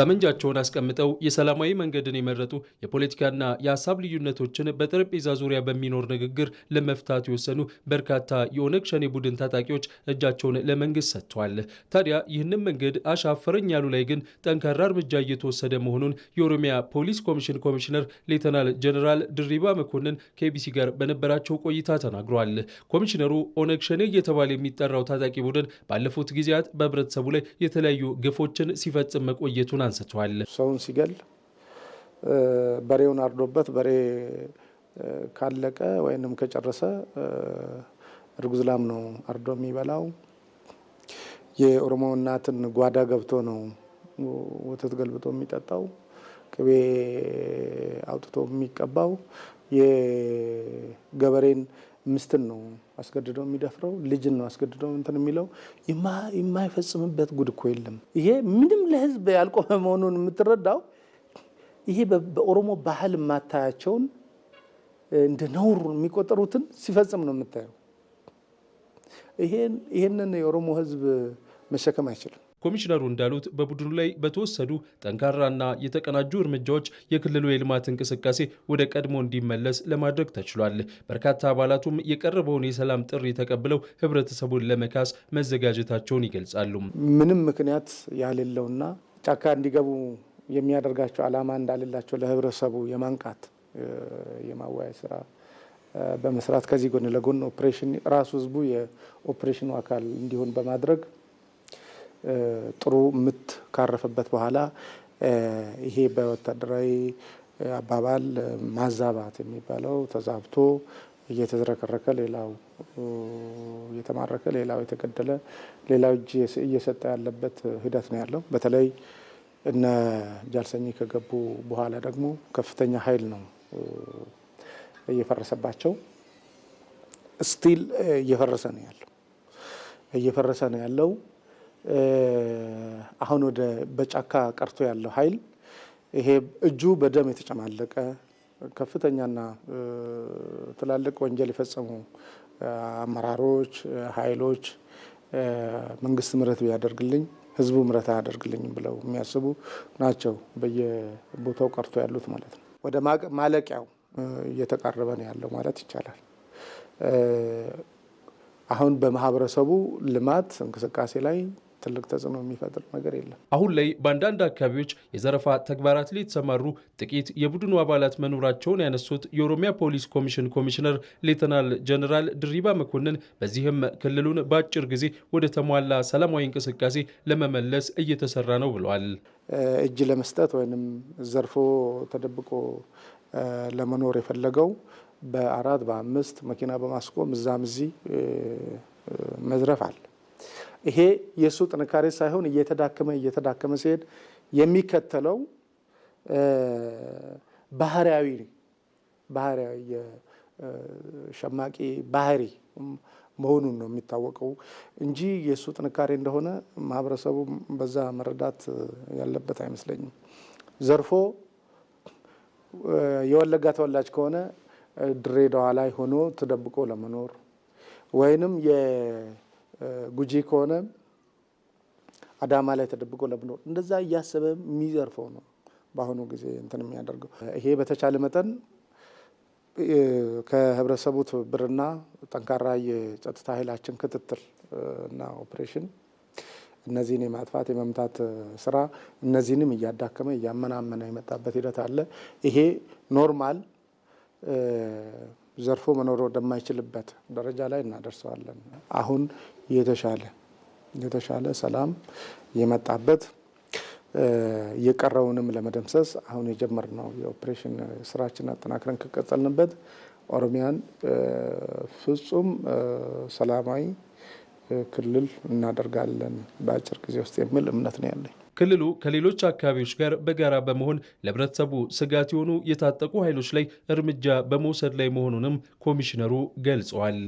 ጠመንጃቸውን አስቀምጠው የሰላማዊ መንገድን የመረጡ የፖለቲካና የሀሳብ ልዩነቶችን በጠረጴዛ ዙሪያ በሚኖር ንግግር ለመፍታት የወሰኑ በርካታ የኦነግ ሸኔ ቡድን ታጣቂዎች እጃቸውን ለመንግስት ሰጥተዋል። ታዲያ ይህንን መንገድ አሻፈረኝ ያሉ ላይ ግን ጠንካራ እርምጃ እየተወሰደ መሆኑን የኦሮሚያ ፖሊስ ኮሚሽን ኮሚሽነር ሌተናል ጀኔራል ድሪባ መኮንን ከኤቢሲ ጋር በነበራቸው ቆይታ ተናግሯል። ኮሚሽነሩ ኦነግ ሸኔ እየተባለ የሚጠራው ታጣቂ ቡድን ባለፉት ጊዜያት በህብረተሰቡ ላይ የተለያዩ ግፎችን ሲፈጽም መቆየቱን አንስተዋል። ሰውን ሲገል በሬውን አርዶበት በሬ ካለቀ ወይንም ከጨረሰ እርጉዝ ላም ነው አርዶ የሚበላው። የኦሮሞ እናትን ጓዳ ገብቶ ነው ወተት ገልብጦ የሚጠጣው፣ ቅቤ አውጥቶ የሚቀባው የገበሬን ምስትን ነው አስገድደው የሚደፍረው፣ ልጅን ነው አስገድደው እንትን የሚለው። የማይፈጽምበት ጉድ እኮ የለም። ይሄ ምንም ለህዝብ ያልቆመ መሆኑን የምትረዳው ይሄ በኦሮሞ ባህል የማታያቸውን እንደ ነውር የሚቆጠሩትን ሲፈጽም ነው የምታየው። ይሄንን የኦሮሞ ህዝብ መሸከም አይችልም። ኮሚሽነሩ እንዳሉት በቡድኑ ላይ በተወሰዱ ጠንካራና የተቀናጁ እርምጃዎች የክልሉ የልማት እንቅስቃሴ ወደ ቀድሞ እንዲመለስ ለማድረግ ተችሏል። በርካታ አባላቱም የቀረበውን የሰላም ጥሪ ተቀብለው ህብረተሰቡን ለመካስ መዘጋጀታቸውን ይገልጻሉ። ምንም ምክንያት ያሌለውና ጫካ እንዲገቡ የሚያደርጋቸው ዓላማ እንዳሌላቸው ለህብረተሰቡ የማንቃት የማዋያ ስራ በመስራት ከዚህ ጎን ለጎን ኦፕሬሽን ራሱ ህዝቡ የኦፕሬሽኑ አካል እንዲሆን በማድረግ ጥሩ ምት ካረፈበት በኋላ ይሄ በወታደራዊ አባባል ማዛባት የሚባለው ተዛብቶ እየተዝረከረከ ሌላው እየተማረከ ሌላው የተገደለ ሌላው እጅ እየሰጠ ያለበት ሂደት ነው ያለው። በተለይ እነ ጃልሰኝ ከገቡ በኋላ ደግሞ ከፍተኛ ኃይል ነው እየፈረሰባቸው። ስቲል እየፈረሰ ነው ያለው እየፈረሰ ነው ያለው። አሁን ወደ በጫካ ቀርቶ ያለው ኃይል ይሄ እጁ በደም የተጨማለቀ ከፍተኛና ትላልቅ ወንጀል የፈጸሙ አመራሮች፣ ኃይሎች መንግስት ምረት ቢያደርግልኝ ህዝቡ ምረት አያደርግልኝም ብለው የሚያስቡ ናቸው። በየቦታው ቀርቶ ያሉት ማለት ነው። ወደ ማለቂያው እየተቃረበ ነው ያለው ማለት ይቻላል። አሁን በማህበረሰቡ ልማት እንቅስቃሴ ላይ ትልቅ ተጽዕኖ የሚፈጥር ነገር የለም። አሁን ላይ በአንዳንድ አካባቢዎች የዘረፋ ተግባራት ላይ የተሰማሩ ጥቂት የቡድኑ አባላት መኖራቸውን ያነሱት የኦሮሚያ ፖሊስ ኮሚሽን ኮሚሽነር ሌተናል ጀነራል ድሪባ መኮንን በዚህም ክልሉን በአጭር ጊዜ ወደ ተሟላ ሰላማዊ እንቅስቃሴ ለመመለስ እየተሰራ ነው ብለዋል። እጅ ለመስጠት ወይም ዘርፎ ተደብቆ ለመኖር የፈለገው በአራት በአምስት መኪና በማስቆም እዛም እዚህ መዝረፍ አለ። ይሄ የእሱ ጥንካሬ ሳይሆን እየተዳከመ እየተዳከመ ሲሄድ የሚከተለው ባህሪያዊ ባህሪያዊ የሸማቂ ባህሪ መሆኑን ነው የሚታወቀው እንጂ የእሱ ጥንካሬ እንደሆነ ማህበረሰቡ በዛ መረዳት ያለበት አይመስለኝም። ዘርፎ የወለጋ ተወላጅ ከሆነ ድሬዳዋ ላይ ሆኖ ተደብቆ ለመኖር ወይንም ጉጂ ከሆነ አዳማ ላይ ተደብቆ ለብኖር እንደዛ እያሰበ የሚዘርፈው ነው በአሁኑ ጊዜ እንትን የሚያደርገው። ይሄ በተቻለ መጠን ከህብረተሰቡ ትብብርና ጠንካራ የጸጥታ ኃይላችን ክትትል እና ኦፕሬሽን እነዚህን የማጥፋት የመምታት ስራ እነዚህንም እያዳከመ እያመናመነ የመጣበት ሂደት አለ። ይሄ ኖርማል ዘርፎ መኖር ወደማይችልበት ደረጃ ላይ እናደርሰዋለን። አሁን የተሻለ የተሻለ ሰላም የመጣበት የቀረውንም ለመደምሰስ አሁን የጀመርነው የኦፕሬሽን ስራችን አጠናክረን ከቀጠልንበት ኦሮሚያን ፍጹም ሰላማዊ ክልል እናደርጋለን በአጭር ጊዜ ውስጥ የሚል እምነት ነው ያለኝ። ክልሉ ከሌሎች አካባቢዎች ጋር በጋራ በመሆን ለህብረተሰቡ ስጋት የሆኑ የታጠቁ ኃይሎች ላይ እርምጃ በመውሰድ ላይ መሆኑንም ኮሚሽነሩ ገልጸዋል።